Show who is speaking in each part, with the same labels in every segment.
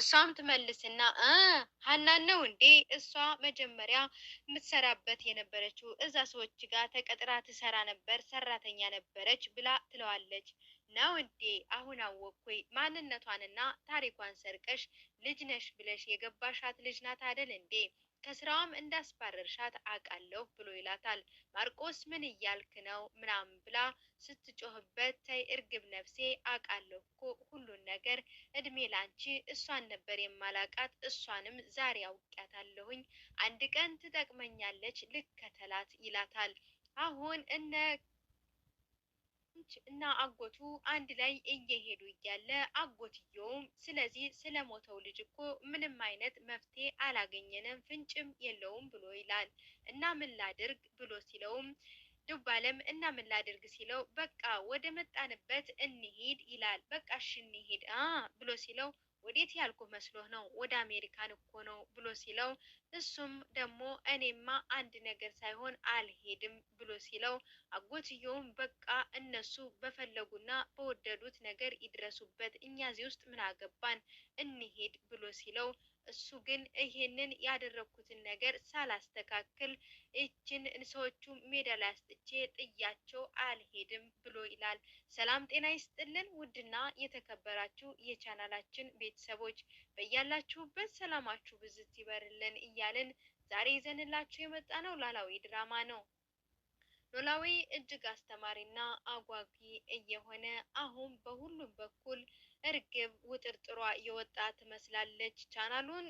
Speaker 1: እሷም ትመልስና ሀናን ነው እንዴ? እሷ መጀመሪያ የምትሰራበት የነበረችው እዛ ሰዎች ጋር ተቀጥራ ትሰራ ነበር፣ ሰራተኛ ነበረች ብላ ትለዋለች። ነው እንዴ? አሁን አወኩኝ። ማንነቷንና ታሪኳን ሰርቀሽ ልጅ ነሽ ብለሽ የገባሻት ልጅ ናት አደል እንዴ? ከስራዋም እንዳስባረርሻት አውቃለሁ ብሎ ይላታል። ማርቆስ ምን እያልክ ነው ምናምን ብላ ስትጮህበት፣ ተይ እርግብ ነፍሴ አውቃለሁ እኮ ሁሉን ነገር እድሜ ላንቺ። እሷን ነበር የማላቃት፣ እሷንም ዛሬ አውቂያታለሁኝ። አንድ ቀን ትጠቅመኛለች፣ ልከተላት ይላታል። አሁን እነ እና አጎቱ አንድ ላይ እየሄዱ እያለ አጎትየውም ስለዚህ ስለሞተው ልጅ እኮ ምንም አይነት መፍትሄ አላገኘንም፣ ፍንጭም የለውም ብሎ ይላል። እና ምን ላድርግ ብሎ ሲለውም ዱባለም እና ምን ላድርግ ሲለው በቃ ወደ መጣንበት እንሂድ ይላል። በቃ እሺ እንሂድ ብሎ ሲለው ወዴት ያልኩ መስሎህ ነው? ወደ አሜሪካን እኮ ነው ብሎ ሲለው እሱም ደግሞ እኔማ አንድ ነገር ሳይሆን አልሄድም ብሎ ሲለው አጎትየውም በቃ እነሱ በፈለጉና በወደዱት ነገር ይድረሱበት፣ እኛ እዚህ ውስጥ ምን አገባን እንሄድ ብሎ ሲለው እሱ ግን ይሄንን ያደረግኩትን ነገር ሳላስተካክል እችን ሰዎቹ ሜዳ ላይ አስጥቼ ጥያቸው አልሄድም ብሎ ይላል። ሰላም ጤና ይስጥልን ውድና የተከበራችሁ የቻናላችን ቤተሰቦች በያላችሁበት ሰላማችሁ ብዝት ይበርልን እያልን ዛሬ ይዘንላችሁ የመጣ ነው ኖላዊ ድራማ ነው። ኖላዊ እጅግ አስተማሪና አጓጊ እየሆነ አሁን በሁሉም በኩል እርግብ ውጥርጥሯ የወጣ ትመስላለች። ቻናሉን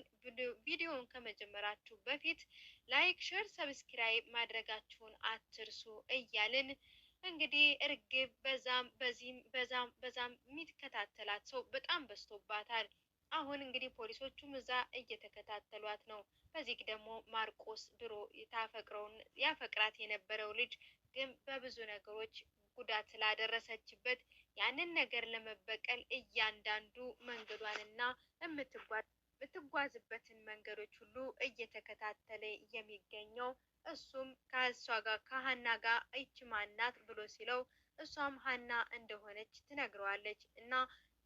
Speaker 1: ቪዲዮውን ከመጀመራችሁ በፊት ላይክ፣ ሸር፣ ሰብስክራይብ ማድረጋችሁን አትርሱ እያልን እንግዲህ እርግብ በዛም በዚህም በዛም በዛም የሚከታተላት ሰው በጣም በዝቶባታል። አሁን እንግዲህ ፖሊሶቹም እዛ እየተከታተሏት ነው። በዚህ ደግሞ ማርቆስ ድሮ ታፈቅረውን ያፈቅራት የነበረው ልጅ ግን በብዙ ነገሮች ጉዳት ስላደረሰችበት ያንን ነገር ለመበቀል እያንዳንዱ መንገዷንና የምትጓዝበትን መንገዶች ሁሉ እየተከታተለ የሚገኘው እሱም ከእሷ ጋር ከሀና ጋር እች ማናት ብሎ ሲለው እሷም ሀና እንደሆነች ትነግረዋለች እና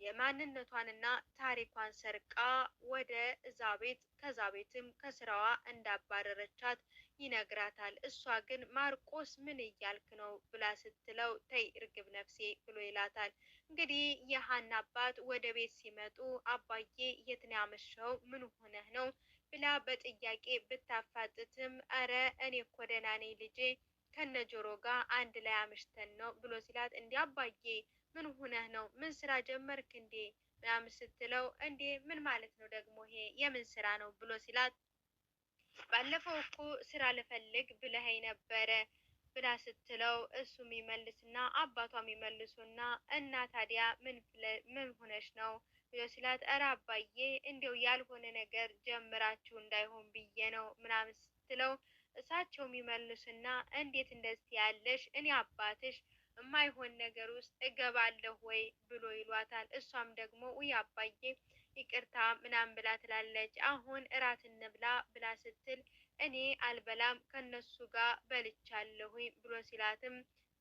Speaker 1: የማንነቷንና ታሪኳን ሰርቃ ወደ እዛ ቤት ከዛ ቤትም ከስራዋ እንዳባረረቻት ይነግራታል። እሷ ግን ማርቆስ ምን እያልክ ነው ብላ ስትለው ተይ እርግብ ነፍሴ ብሎ ይላታል። እንግዲህ የሀና አባት ወደ ቤት ሲመጡ አባዬ የት ነው ያመሸው? ምን ሆነህ ነው ብላ በጥያቄ ብታፋጥትም አረ እኔ እኮ ደህና ነኝ ልጄ ከነ ጆሮ ጋር አንድ ላይ አምሽተን ነው ብሎ ሲላት እንዲ አባዬ ምን ሆነህ ነው? ምን ስራ ጀመርክ እንዴ ምናምን ስትለው እንዴ ምን ማለት ነው ደግሞ ይሄ የምን ስራ ነው ብሎ ሲላት ባለፈው እኮ ስራ ልፈልግ ብለኸኝ ነበረ ብላ ስትለው እሱ የሚመልስና አባቷ የሚመልሱና እና ታዲያ ምን ሆነሽ ነው ብሎ ሲላት፣ ኧረ አባዬ እንዲያው ያልሆነ ነገር ጀምራችሁ እንዳይሆን ብዬ ነው ምናምን ስትለው፣ እሳቸው የሚመልሱና እንዴት እንደዚህ ያለሽ እኔ አባትሽ የማይሆን ነገር ውስጥ እገባለሁ ወይ ብሎ ይሏታል። እሷም ደግሞ ውይ አባዬ ይቅርታ ምናምን ብላ ትላለች። አሁን እራት እንብላ ብላ ስትል እኔ አልበላም ከነሱ ጋር በልቻለሁ ብሎ ሲላትም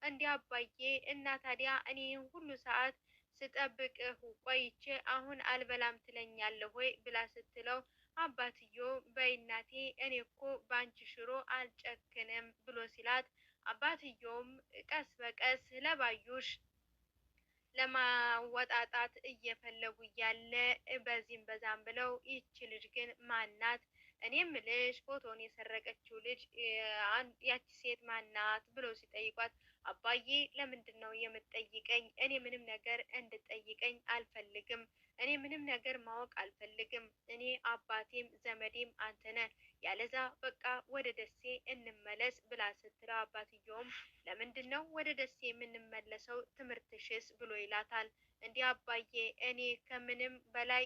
Speaker 1: እንዲህ አባዬ እና ታዲያ እኔ ሁሉ ሰዓት ስጠብቅህ ቆይቼ አሁን አልበላም ትለኛለህ ወይ ብላ ስትለው አባትዮ በይ እናቴ እኔ እኮ በአንቺ ሽሮ አልጨክንም ብሎ ሲላት አባትዮም ቀስ በቀስ ለባዩሽ ለማወጣጣት እየፈለጉ እያለ በዚህም በዛም ብለው ይቺ ልጅ ግን ማናት? እኔም ልሽ ፎቶን የሰረቀችው ልጅ ያቺ ሴት ማናት? ብለው ሲጠይቋት አባዬ ለምንድን ነው የምትጠይቀኝ? እኔ ምንም ነገር እንድጠይቀኝ አልፈልግም። እኔ ምንም ነገር ማወቅ አልፈልግም። እኔ አባቴም ዘመዴም አንተ ነህ፣ ያለዛ በቃ ወደ ደሴ እንመለስ ብላ ስትለው አባትየውም ለምንድን ነው ወደ ደሴ የምንመለሰው? ትምህርትሽስ ብሎ ይላታል። እንዲህ አባዬ እኔ ከምንም በላይ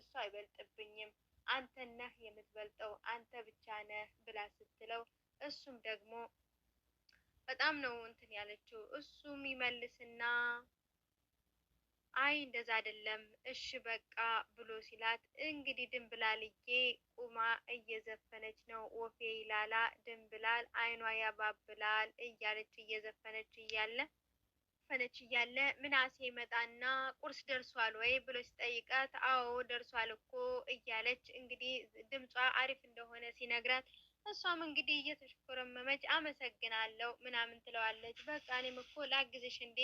Speaker 1: እሱ አይበልጥብኝም፣ አንተ ነህ የምትበልጠው፣ አንተ ብቻ ነህ ብላ ስትለው እሱም ደግሞ በጣም ነው እንትን ያለችው። እሱም ይመልስና አይ እንደዛ አይደለም እሺ በቃ ብሎ ሲላት፣ እንግዲህ ድንብላልዬ ቁማ እየዘፈነች ነው። ወፌ ይላላ ድንብላል አይኗ ያባብላል እያለች እየዘፈነች እያለ ፈነች እያለ ምናሴ መጣና ቁርስ ደርሷል ወይ ብሎ ሲጠይቃት፣ አዎ ደርሷል እኮ እያለች እንግዲህ ድምጿ አሪፍ እንደሆነ ሲነግራት እሷም እንግዲህ እየተሽኮረመመች አመሰግናለሁ ምናምን ትለዋለች። በቃ እኔም እኮ ላግዝሽ እንዴ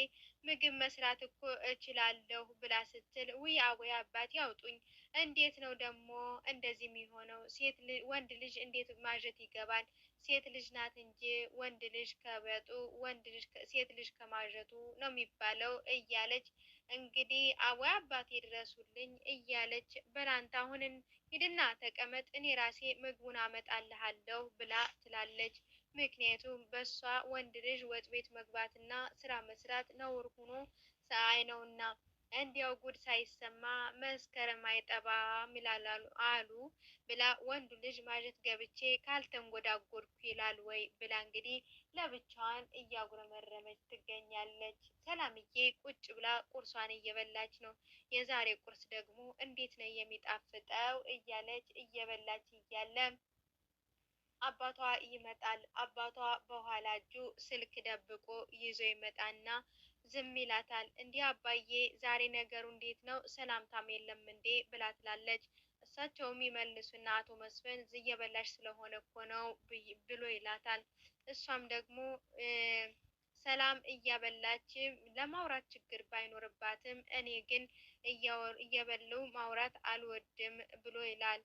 Speaker 1: ምግብ መስራት እኮ እችላለሁ ብላ ስትል ውይ አቦይ አባት ያውጡኝ፣ እንዴት ነው ደግሞ እንደዚህ የሚሆነው? ሴት ወንድ ልጅ እንዴት ማጀት ይገባል? ሴት ልጅ ናት እንጂ ወንድ ልጅ ከበጡ ወንድ ልጅ ሴት ልጅ ከማጀቱ ነው የሚባለው እያለች እንግዲህ አወይ አባቴ ድረሱልኝ እያለች በላንታ አሁንን ሂድና ተቀመጥ እኔ ራሴ ምግቡን አመጣልሃለሁ ብላ ትላለች። ምክንያቱም በሷ ወንድ ልጅ ወጥ ቤት መግባትና ስራ መስራት ነውር ሆኖ ሳይ ነውና እንዲያው ጉድ ሳይሰማ መስከረም አይጠባም ይላሉ አሉ ብላ ወንዱ ልጅ ማጀት ገብቼ ካልተንጎዳጎድኩ ይላል ወይ ብላ እንግዲህ ለብቻዋን እያጉረመረመች ትገኛለች። ሰላምዬ ቁጭ ብላ ቁርሷን እየበላች ነው። የዛሬ ቁርስ ደግሞ እንዴት ነው የሚጣፍጠው እያለች እየበላች እያለ አባቷ ይመጣል። አባቷ በኋላ እጁ ስልክ ደብቆ ይዞ ይመጣና ዝም ይላታል። እንዲህ አባዬ ዛሬ ነገሩ እንዴት ነው? ሰላምታም የለም እንዴ ብላ ትላለች። እሳቸውም ይመልሱና አቶ መስፍን ዝየበላሽ ስለሆነ እኮ ነው ብሎ ይላታል። እሷም ደግሞ ሰላም እያበላች ለማውራት ችግር ባይኖርባትም እኔ ግን እየበለው ማውራት አልወድም ብሎ ይላል።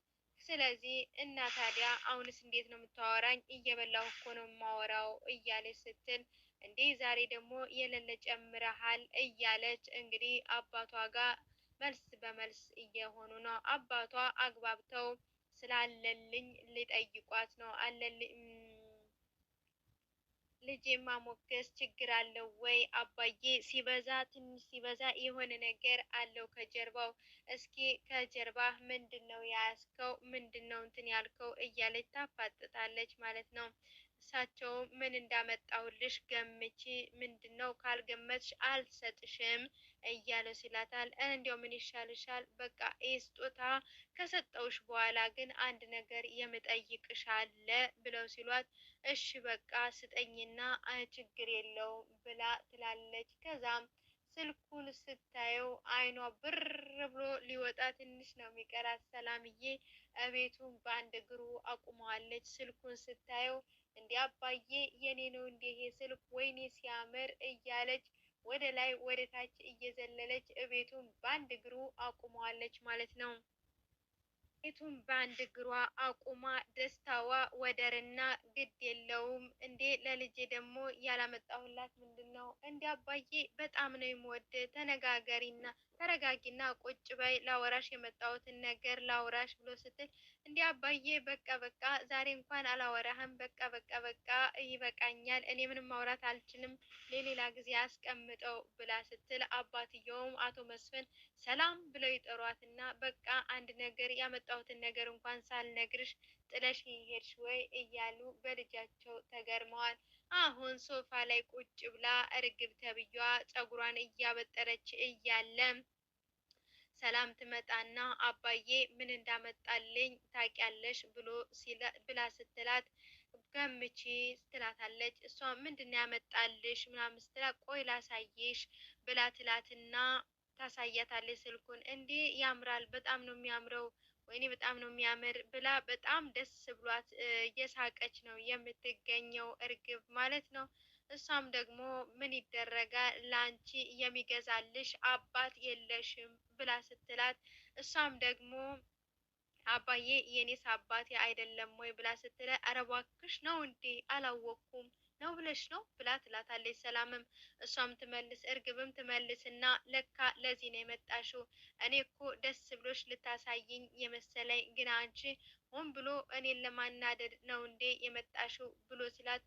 Speaker 1: ስለዚህ እና ታዲያ አሁንስ እንዴት ነው የምታወራኝ? እየበላሁ እኮ ነው የማወራው እያለች ስትል እንዴ ዛሬ ደግሞ የሌለ ጨምረሃል እያለች እንግዲህ አባቷ ጋር መልስ በመልስ እየሆኑ ነው። አባቷ አግባብተው ስላለልኝ ሊጠይቋት ነው አለልኝ ልጄ ማሞገስ ችግር አለው ወይ አባዬ? ሲበዛ ትንሽ ሲበዛ የሆነ ነገር አለው ከጀርባው። እስኪ ከጀርባ ምንድን ነው ያያዝከው? ምንድን ነው እንትን ያልከው? እያለች ታፋጥጣለች ማለት ነው። እሳቸው ምን እንዳመጣውልሽ ገምቺ፣ ምንድን ነው ካልገመትሽ አልሰጥሽም እያለ ሲላታል። እንዲያው ምን ይሻልሻል? በቃ ስጦታ ከሰጠውሽ በኋላ ግን አንድ ነገር የምጠይቅሽ አለ ብለው ሲሏት፣ እሺ በቃ ስጠኝና ችግር የለው ብላ ትላለች። ከዛም ስልኩን ስታየው አይኗ ብር ብሎ ሊወጣ ትንሽ ነው የሚቀራት። ሰላምዬ እቤቱን በአንድ እግሩ አቁመዋለች። ስልኩን ስታየው እንዲ አባዬ የኔ ነው እንዴ ይሄ ስልክ ወይኔ ሲያምር እያለች ወደ ላይ ወደ ታች እየዘለለች እቤቱን በአንድ እግሩ አቁመዋለች ማለት ነው። ቤቱን በአንድ እግሯ አቁማ ደስታዋ ወደርና ግድ የለውም። እንዴ ለልጄ ደግሞ ያላመጣሁላት ምንድን ነው? እንዲ አባዬ በጣም ነው የምወድ። ተነጋገሪና ተረጋጊና ቁጭ በይ ላወራሽ የመጣሁትን ነገር ላውራሽ ብሎ ስትል እንዲ አባዬ በቃ በቃ ዛሬ እንኳን አላወራህም። በቃ በቃ በቃ ይበቃኛል። እኔ ምንም ማውራት አልችልም። ለሌላ ጊዜ አስቀምጠው ብላ ስትል አባትየውም አቶ መስፍን ሰላም ብለው ይጠሯትና በቃ አንድ ነገር ያመጣሁትን ነገር እንኳን ሳልነግርሽ ጥለሽ ሄድሽ ወይ እያሉ በልጃቸው ተገርመዋል። አሁን ሶፋ ላይ ቁጭ ብላ እርግብ ተብዬዋ ፀጉሯን እያበጠረች እያለ ሰላም ትመጣና አባዬ ምን እንዳመጣልኝ ታውቂያለሽ ብሎ ብላ ስትላት ገምቼ ትላታለች። እሷ ምንድን ያመጣልሽ ምናምን ስትላት ቆይ ላሳይሽ ብላ ትላትና ታሳያታለች ስልኩን። እንዴ ያምራል፣ በጣም ነው የሚያምረው ወይኔ በጣም ነው የሚያምር ብላ በጣም ደስ ብሏት እየሳቀች ነው የምትገኘው እርግብ ማለት ነው። እሷም ደግሞ ምን ይደረጋል ለአንቺ የሚገዛልሽ አባት የለሽም ብላ ስትላት እሷም ደግሞ አባዬ የኔስ አባቴ አይደለም ወይ ብላ ስትለ ኧረ እባክሽ ነው እንዴ አላወቅኩም ነው ብለሽ ነው ብላ ትላታለች። ሰላምም እሷም ትመልስ እርግብም ትመልስ እና ለካ ለዚህ ነው የመጣሽው። እኔ እኮ ደስ ብሎሽ ልታሳይኝ የመሰለኝ ግን አንቺ ሆን ብሎ እኔን ለማናደድ ነው እንዴ የመጣሽው ብሎ ሲላት፣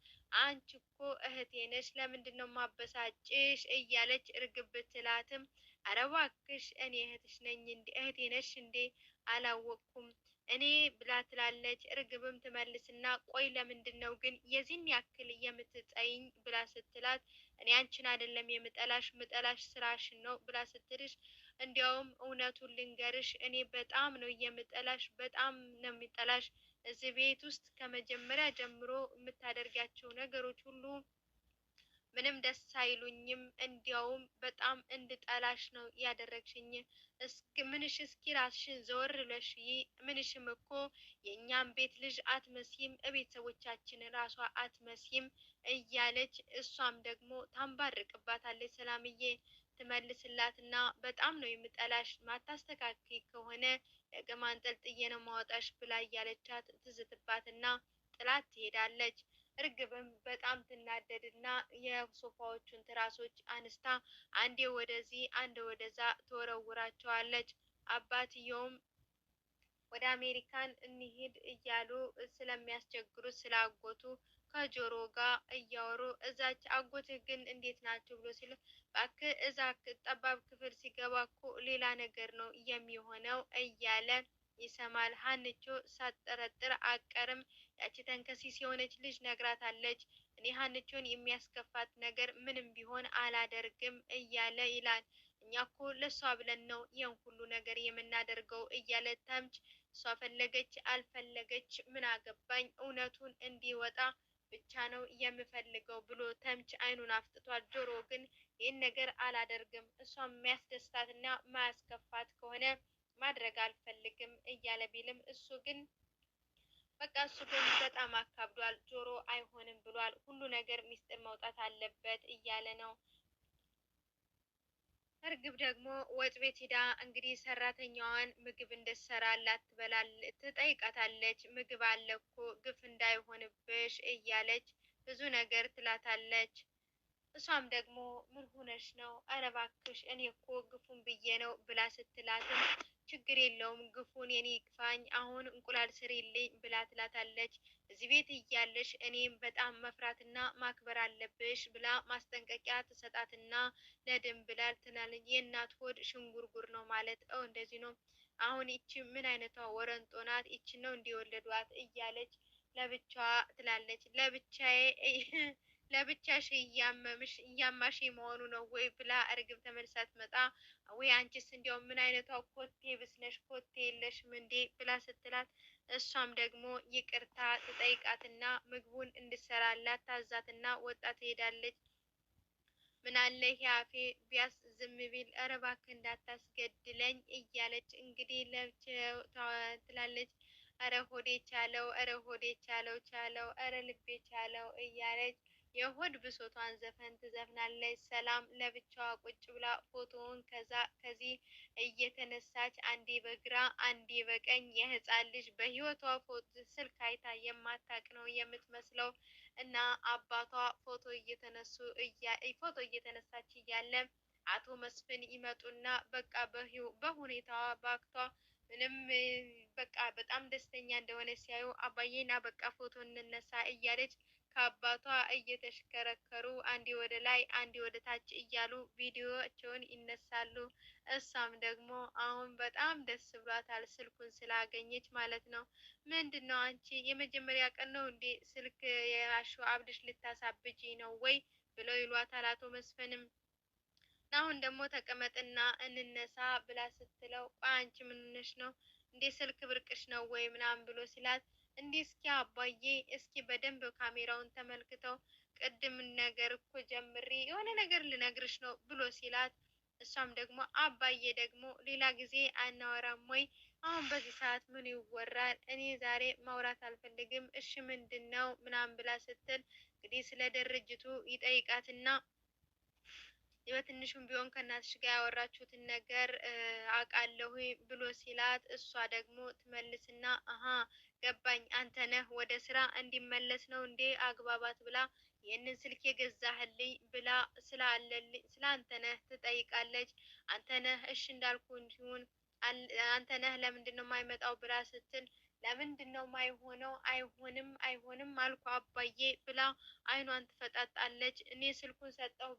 Speaker 1: አንቺ እኮ እህቴ ነሽ ለምንድን ነው ማበሳጭሽ? እያለች እርግብ ብትላትም፣ ኧረ እባክሽ እኔ እህትሽ ነኝ እህቴ ነሽ እንዴ አላወቅኩም እኔ ብላ ትላለች። እርግብም ትመልስና ቆይ ለምንድን ነው ግን የዚህን ያክል የምትጠይኝ ብላ ስትላት እኔ አንቺን አይደለም የምጠላሽ ምጠላሽ ስራሽን ነው ብላ ስትልሽ እንዲያውም እውነቱን ልንገርሽ እኔ በጣም ነው የምጠላሽ፣ በጣም ነው የምጠላሽ። እዚህ ቤት ውስጥ ከመጀመሪያ ጀምሮ የምታደርጋቸው ነገሮች ሁሉ ምንም ደስ አይሉኝም። እንዲያውም በጣም እንድጠላሽ ነው ያደረግሽኝ። እስኪ ምንሽ እስኪ ራስሽን ዘወር ብለሽ ምንሽም እኮ የእኛም ቤት ልጅ አትመስይም፣ ቤተሰቦቻችን ራሷ አትመስይም እያለች እሷም ደግሞ ታንባርቅባታለች። ሰላምዬ ትመልስላትና በጣም ነው የምጠላሽ፣ ማታስተካክይ ከሆነ ለቅም አንጠልጥዬ ነው ማወጣሽ ብላ እያለቻት ትዝትባትና ጥላት ትሄዳለች። እርግብም በጣም ትናደድና የሶፋዎቹን ትራሶች አንስታ አንዴ ወደዚህ አንድ ወደዛ ትወረውራቸዋለች። አባትየውም ወደ አሜሪካን እንሂድ እያሉ ስለሚያስቸግሩት ስላጎቱ ከጆሮ ጋር እያወሩ እዛች አጎትህ ግን እንዴት ናቸው ብሎ ሲል ባክ እዛ ጠባብ ክፍል ሲገባ እኮ ሌላ ነገር ነው የሚሆነው እያለ ይሰማል። ሀንቾ ሳትጠረጥር አቀርም ያቺ ተንከሲስ የሆነች ልጅ ነግራታለች። እኔ ሀንቾን የሚያስከፋት ነገር ምንም ቢሆን አላደርግም እያለ ይላል። እኛ እኮ ለእሷ ብለን ነው ይህን ሁሉ ነገር የምናደርገው እያለ ተምች እሷ ፈለገች አልፈለገች ምን አገባኝ፣ እውነቱን እንዲወጣ ብቻ ነው የምፈልገው ብሎ ተምች አይኑን አፍጥቷል። ጆሮ ግን ይህን ነገር አላደርግም፣ እሷ የሚያስደስታትና ማያስከፋት ከሆነ ማድረግ አልፈልግም እያለ ቢልም እሱ ግን በቃ እሱ ግን በጣም አካብዷል። ጆሮ አይሆንም ብሏል። ሁሉ ነገር ሚስጥር መውጣት አለበት እያለ ነው። እርግብ ደግሞ ወጥ ቤት ሂዳ እንግዲህ ሰራተኛዋን ምግብ ላትበላል ትጠይቃታለች። ምግብ አለ እኮ ግፍ እንዳይሆንብሽ እያለች ብዙ ነገር ትላታለች። እሷም ደግሞ ምን ሆነሽ ነው? ኧረ እባክሽ እኔ እኮ ግፉን ብዬ ነው ብላ ስትላትም ችግር የለውም ግፉን የኔ ይግፋኝ፣ አሁን እንቁላል ስሪልኝ ብላ ትላታለች። እዚህ ቤት እያለሽ እኔም በጣም መፍራትና ማክበር አለብሽ ብላ ማስጠንቀቂያ ትሰጣትና ለድም ብላል ትናለች። የእናት ሆድ ሽንጉርጉር ነው ማለት ው እንደዚህ ነው። አሁን ይቺ ምን አይነቷ ወረንጦ ናት? ይቺ ነው እንዲወለዷት እያለች ለብቻዋ ትላለች። ለብቻዬ ለብቻሽ እያመምሽ እያማሽ መሆኑ ነው ወይ ብላ እርግብ ተመልሳ ስትመጣ ወይ አንቺስ እንዲያው ምን አይነቷ ኮቴ ብስነሽ ኮቴ የለሽም እንዴ ብላ ስትላት እሷም ደግሞ ይቅርታ ትጠይቃትና ምግቡን እንድሰራላት ታዛትና ወጣ ትሄዳለች። ምናለ ያፌ ቢያስ ዝም ቢል እባክህ እንዳታስገድለኝ እያለች እንግዲህ ለብቻው ትላለች። ኧረ ሆዴ ቻለው፣ ኧረ ሆዴ ቻለው ቻለው፣ ኧረ ልቤ ቻለው እያለች የሆድ ብሶቷን ዘፈን ትዘፍናለች። ሰላም ለብቻዋ ቁጭ ብላ ፎቶውን ከዛ ከዚህ እየተነሳች አንዴ በግራ አንዴ በቀኝ የህፃን ልጅ በህይወቷ ስልክ አይታ የማታቅ ነው የምትመስለው እና አባቷ ፎቶ እየተነሱ ፎቶ እየተነሳች እያለ አቶ መስፍን ይመጡና በቃ በሁኔታዋ በአክቷ ምንም በቃ በጣም ደስተኛ እንደሆነ ሲያዩ አባዬና በቃ ፎቶ እንነሳ እያለች ከአባቷ እየተሽከረከሩ አንዴ ወደ ላይ አንዴ ወደ ታች እያሉ ቪዲዮቸውን ይነሳሉ። እሷም ደግሞ አሁን በጣም ደስ ብሏታል ስልኩን ስላገኘች ማለት ነው። ምንድን ነው አንቺ የመጀመሪያ ቀን ነው እንዴ ስልክ የያሹ አብድሽ ልታሳብጂ ነው ወይ ብለው ይሏታል። አቶ መስፍንም አሁን ደግሞ ተቀመጥና እንነሳ ብላ ስትለው አንቺ ምንነሽ ነው እንዴ ስልክ ብርቅሽ ነው ወይ ምናምን ብሎ ሲላት እንዲህ እስኪ አባዬ እስኪ በደንብ ካሜራውን ተመልክተው ቅድም ነገር እኮ ጀምሬ የሆነ ነገር ልነግርሽ ነው ብሎ ሲላት እሷም ደግሞ አባዬ ደግሞ ሌላ ጊዜ አናወራም ወይ? አሁን በዚህ ሰዓት ምን ይወራል? እኔ ዛሬ ማውራት አልፈልግም። እሺ ምንድን ነው ምናምን ብላ ስትል እንግዲህ ስለ ድርጅቱ ይጠይቃትና በትንሹም ቢሆን ከእናትሽ ጋር ያወራችሁትን ነገር አውቃለሁ ብሎ ሲላት እሷ ደግሞ ትመልስና አሀ ገባኝ፣ አንተ ነህ ወደ ስራ እንዲመለስ ነው እንዴ አግባባት ብላ ይህንን ስልክ የገዛህልኝ ብላ ስለ አንተ ነህ ትጠይቃለች። አንተ ነህ እሺ እንዳልኩ እንዲሁን አንተ ነህ ለምንድን ነው የማይመጣው ብላ ስትል ለምንድን ነው ማይሆነው? አይሆንም አይሆንም አልኩ አባዬ ብላ አይኗን ትፈጣጣለች። እኔ ስልኩን ሰጠሁ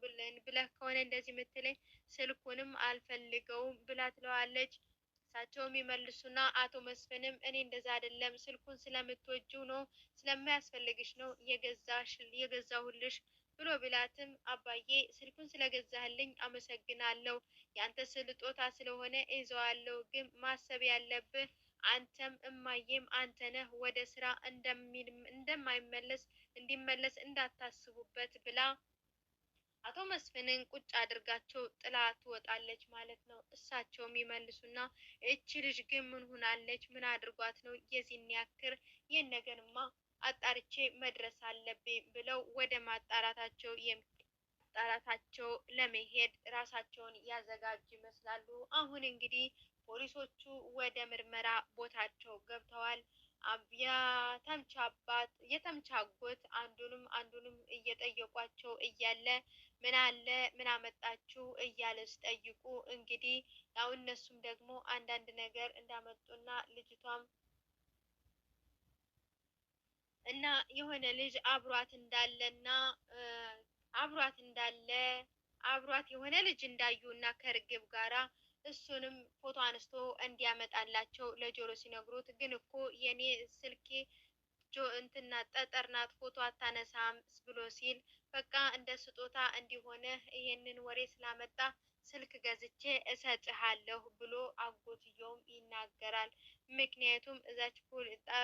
Speaker 1: ብለህ ከሆነ እንደዚህ የምትለኝ ስልኩንም አልፈልገውም ብላ ትለዋለች። እሳቸውም ይመልሱና አቶ መስፍንም እኔ እንደዛ አይደለም ስልኩን ስለምትወጂው ነው ስለማያስፈልግሽ ነው የገዛሁልሽ ብሎ ቢላትም አባዬ ስልኩን ስለገዛህልኝ አመሰግናለሁ፣ ያንተ ስልጦታ ስለሆነ እይዘዋለሁ፣ ግን ማሰብ ያለብህ አንተም እማዬም አንተ ነህ ወደ ስራ እንደማይመለስ እንዲመለስ እንዳታስቡበት ብላ አቶ መስፍንን ቁጭ አድርጋቸው ጥላ ትወጣለች ማለት ነው። እሳቸውም ይመልሱና እቺ ልጅ ግን ምን ሆናለች? ምን አድርጓት ነው የዚህን ያክል? ይህን ነገርማ አጣርቼ መድረስ አለብኝ ብለው ወደ ማጣራታቸው ማጣራታቸው ለመሄድ ራሳቸውን ያዘጋጁ ይመስላሉ። አሁን እንግዲህ ፖሊሶቹ ወደ ምርመራ ቦታቸው ገብተዋል። የተምቻ አባት የተምቻ አጎት አንዱንም አንዱንም እየጠየቋቸው እያለ ምን አለ ምን አመጣችሁ እያለ ሲጠይቁ እንግዲህ ያው እነሱም ደግሞ አንዳንድ ነገር እንዳመጡና ልጅቷም እና የሆነ ልጅ አብሯት እንዳለና አብሯት እንዳለ አብሯት የሆነ ልጅ እንዳዩ እና ከርግብ ጋራ እሱንም ፎቶ አንስቶ እንዲያመጣላቸው ለጆሮ ሲነግሩት፣ ግን እኮ የኔ ስልኬ እንትና ጠጠር ናት ፎቶ አታነሳም ብሎ ሲል፣ በቃ እንደ ስጦታ እንዲሆነ ይህንን ወሬ ስላመጣ ስልክ ገዝቼ እሰጥሃለሁ ብሎ አጎትየውም ይናገራል። ምክንያቱም እዛች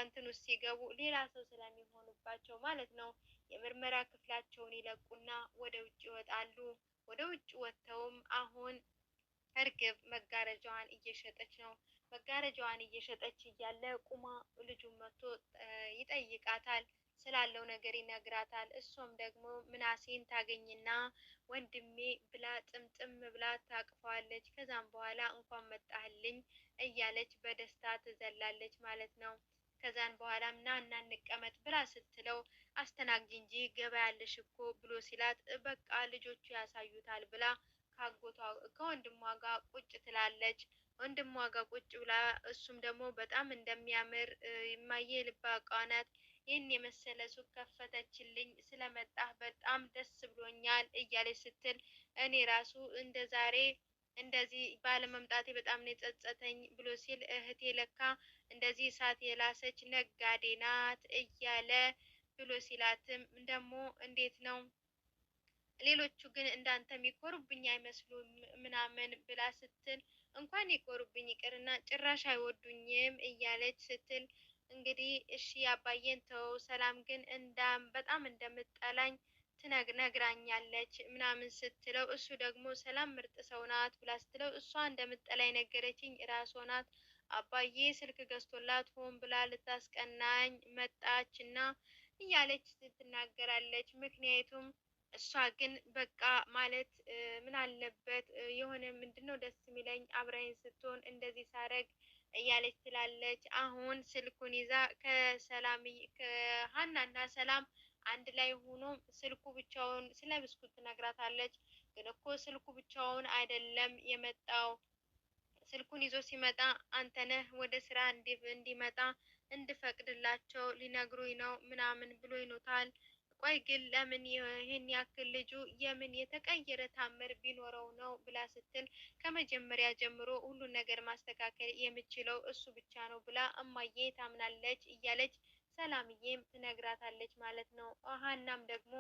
Speaker 1: እንትን ውስጥ ሲገቡ ሌላ ሰው ስለሚሆኑባቸው ማለት ነው። የምርመራ ክፍላቸውን ይለቁና ወደ ውጭ ይወጣሉ። ወደ ውጭ ወጥተውም አሁን እርግብ መጋረጃዋን እየሸጠች ነው። መጋረጃዋን እየሸጠች እያለ ቁማ ልጁ መጥቶ ይጠይቃታል። ስላለው ነገር ይነግራታል። እሷም ደግሞ ምናሴን ታገኝና ወንድሜ ብላ ጥምጥም ብላ ታቅፈዋለች። ከዛም በኋላ እንኳን መጣህልኝ እያለች በደስታ ትዘላለች ማለት ነው። ከዛን በኋላም ና እና እንቀመጥ ብላ ስትለው አስተናግጅ እንጂ ገበያ እኮ ብሎ ሲላት በቃ ልጆቹ ያሳዩታል ብላ ከአጎቷ ከወንድሟ ጋር ቁጭ ትላለች። ወንድሟ ጋር ቁጭ ብላ እሱም ደግሞ በጣም እንደሚያምር የማየ ልባ ቃናት ይህን የመሰለ ሱቅ ከፈተችልኝ ስለመጣህ በጣም ደስ ብሎኛል እያለች ስትል እኔ ራሱ እንደ ዛሬ እንደዚህ ባለመምጣቴ በጣም ነው የጸጸተኝ ብሎ ሲል እህቴ ለካ እንደዚህ እሳት የላሰች ነጋዴ ናት እያለ ብሎ ሲላትም ደግሞ እንዴት ነው ሌሎቹ ግን እንዳንተ የሚኮሩብኝ አይመስሉም ምናምን ብላ ስትል እንኳን የኮሩብኝ ይቅርና ጭራሽ አይወዱኝም እያለች ስትል እንግዲህ እሺ አባዬን ተው፣ ሰላም ግን እንዳም በጣም እንደምጠላኝ ትነግራኛለች ምናምን ስትለው እሱ ደግሞ ሰላም ምርጥ ሰው ናት ብላ ስትለው እሷ እንደምጠላኝ ነገረችኝ እራሷ ናት። አባዬ ስልክ ገዝቶላት ሆን ብላ ልታስቀናኝ መጣች እና እያለች ትናገራለች ምክንያቱም እሷ ግን በቃ ማለት ምን አለበት የሆነ ምንድነው ደስ የሚለኝ አብራኝ ስትሆን እንደዚህ ሳረግ እያለች ትላለች። አሁን ስልኩን ይዛ ከሰላም ከሀናና ሰላም አንድ ላይ ሆኖ ስልኩ ብቻውን ስለ ብስኩት ትነግራታለች። ግን እኮ ስልኩ ብቻውን አይደለም የመጣው። ስልኩን ይዞ ሲመጣ አንተነህ ወደ ስራ እንዲመጣ እንድፈቅድላቸው ሊነግሩኝ ነው ምናምን ብሎ ይኖታል። ቆይ ግን ለምን ይህን ያክል ልጁ የምን የተቀየረ ታምር ቢኖረው ነው ብላ ስትል ከመጀመሪያ ጀምሮ ሁሉን ነገር ማስተካከል የምችለው እሱ ብቻ ነው ብላ እማዬ ታምናለች እያለች ሰላምዬም ትነግራታለች ማለት ነው። ሀናም ደግሞ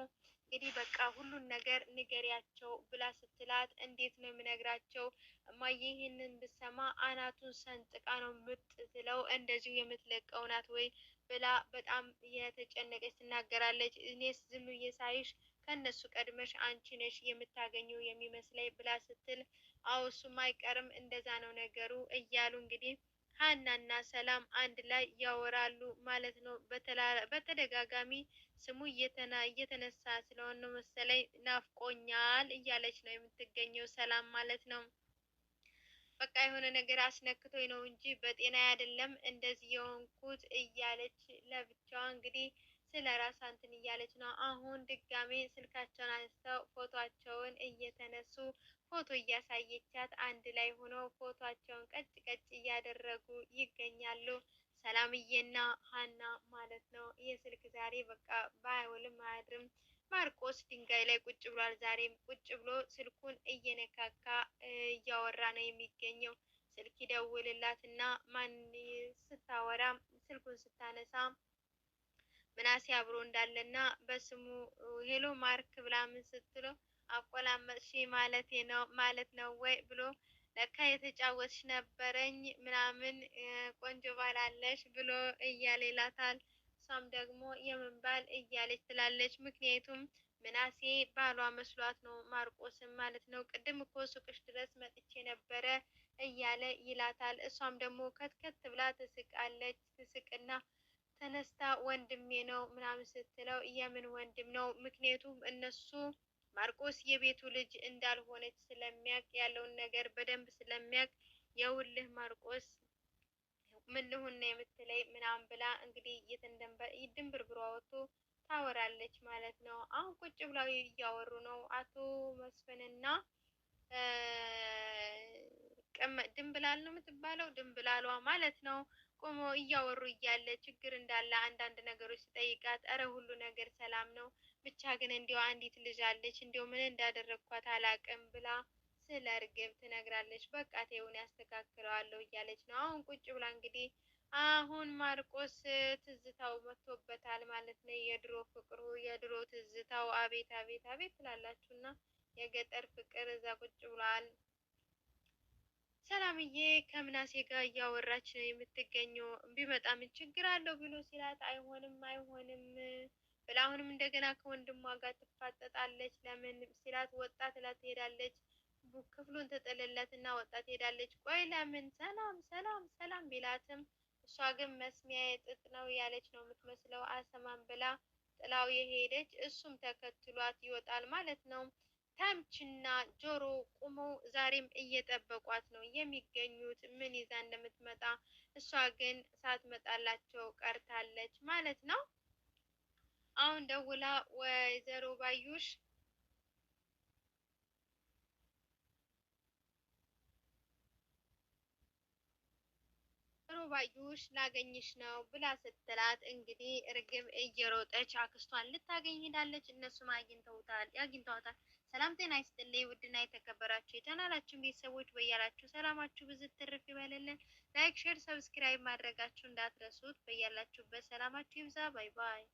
Speaker 1: እንግዲህ በቃ ሁሉን ነገር ንገሪያቸው ብላ ስትላት እንዴት ነው የምነግራቸው እማዬ ይህንን ብሰማ አናቱን ሰንጥቃ ነው የምትጥለው እንደዚሁ የምትለቀው ናት ወይ ብላ በጣም እየተጨነቀች ትናገራለች። እኔስ ዝም ብዬ ሳይሽ ከእነሱ ቀድመሽ አንቺ ነሽ የምታገኘው የሚመስለኝ ብላ ስትል፣ አዎ እሱም አይቀርም እንደዛ ነው ነገሩ እያሉ እንግዲህ ሀናና ሰላም አንድ ላይ ያወራሉ ማለት ነው። በተደጋጋሚ ስሙ እየተነሳ ስለሆነ መሰለኝ ናፍቆኛል እያለች ነው የምትገኘው ሰላም ማለት ነው። በቃ የሆነ ነገር አስነክቶኝ ነው እንጂ በጤና አይደለም እንደዚህ የሆንኩት እያለች ለብቻዋ እንግዲህ ስለ ራሷ እንትን እያለች ነው። አሁን ድጋሜ ስልካቸውን አንስተው ፎቶቸውን እየተነሱ ፎቶ እያሳየቻት አንድ ላይ ሆኖ ፎቶቸውን ቀጭ ቀጭ እያደረጉ ይገኛሉ። ሰላምዬና ሀና ማለት ነው። ይህ ስልክ ዛሬ በቃ ባይውልም አያድርም። ማርቆስ ድንጋይ ላይ ቁጭ ብሏል። ዛሬም ቁጭ ብሎ ስልኩን እየነካካ እያወራ ነው የሚገኘው። ስልክ ይደውልላት እና ማን ስታወራ ስልኩን ስታነሳ ምናሴ አብሮ እንዳለ እና በስሙ ሄሎ ማርክ ብላ ምን ስትለው አቆላመጥሽ ማለት ነው ማለት ነው ወይ ብሎ ለካ የተጫወትሽ ነበረኝ ምናምን ቆንጆ ባላለሽ ብሎ እያሌላታል። እሷም ደግሞ የምን ባል እያለች ትላለች። ምክንያቱም ምናሴ ባሏ መስሏት ነው ማርቆስም ማለት ነው። ቅድም እኮ ሱቅሽ ድረስ መጥቼ ነበረ እያለ ይላታል። እሷም ደግሞ ከትከት ብላ ትስቃለች። ትስቅና ተነስታ ወንድሜ ነው ምናምን ስትለው የምን ወንድም ነው? ምክንያቱም እነሱ ማርቆስ የቤቱ ልጅ እንዳልሆነች ስለሚያውቅ ያለውን ነገር በደንብ ስለሚያውቅ የውልህ ማርቆስ ምን ልሁን የምትለይ ምናምን ብላ እንግዲህ ድንብርብሯ ወጥቶ ታወራለች ማለት ነው። አሁን ቁጭ ብለው እያወሩ ነው አቶ መስፍንና ድንብላል ነው የምትባለው ድንብላሏ ማለት ነው። ቆሞ እያወሩ እያለ ችግር እንዳለ አንዳንድ ነገሮች ስጠይቃት ኧረ ሁሉ ነገር ሰላም ነው ብቻ ግን እንዲያው አንዲት ልጅ አለች እንዲያው ምን እንዳደረግኳት አላቅም ብላ ስለ እርግብ ትነግራለች። በቃ ተይውን ያስተካክለዋለሁ እያለች ነው። አሁን ቁጭ ብላ እንግዲህ አሁን ማርቆስ ትዝታው መጥቶበታል ማለት ነው። የድሮ ፍቅሩ የድሮ ትዝታው አቤት አቤት አቤት ትላላችሁ የገጠር ፍቅር እዛ ቁጭ ብሏል። ሰላምዬ ከምናሴ ጋር እያወራች ነው የምትገኘው። ቢመጣ ምን ችግር አለው ብሎ ሲላት አይሆንም አይሆንም ብላ አሁንም እንደገና ከወንድሟ ጋር ትፋጠጣለች። ለምን ሲላት ወጣ ትላት ትሄዳለች። ክፍሉን ተጠለለት እና ወጣት ትሄዳለች ቆይ ለምን ሰላም ሰላም ሰላም ቢላትም እሷ ግን መስሚያ የጥጥ ነው እያለች ነው የምትመስለው። አሰማን ብላ ጥላው የሄደች እሱም ተከትሏት ይወጣል ማለት ነው። ተምችና ጆሮ ቁመው ዛሬም እየጠበቋት ነው የሚገኙት ምን ይዛ እንደምትመጣ። እሷ ግን ሳትመጣላቸው ቀርታለች ማለት ነው። አሁን ደውላ ወይዘሮ ባዩሽ ባዩሽ ላገኝሽ ነው ብላ ስትላት እንግዲህ እርግብ እየሮጠች አክስቷን ልታገኝ ሄዳለች። እነሱም አግኝተውታል ያግኝተዋታል። ሰላም ጤና ይስጥልኝ ውድና የተከበራችሁ የቻናላችን ቤተሰቦች በያላችሁ ሰላማችሁ ብዙ ትርፍ ይበልልን። ላይክ፣ ሼር፣ ሰብስክራይብ ማድረጋችሁ እንዳትረሱት። በያላችሁበት ሰላማችሁ ይብዛ። ባይ ባይ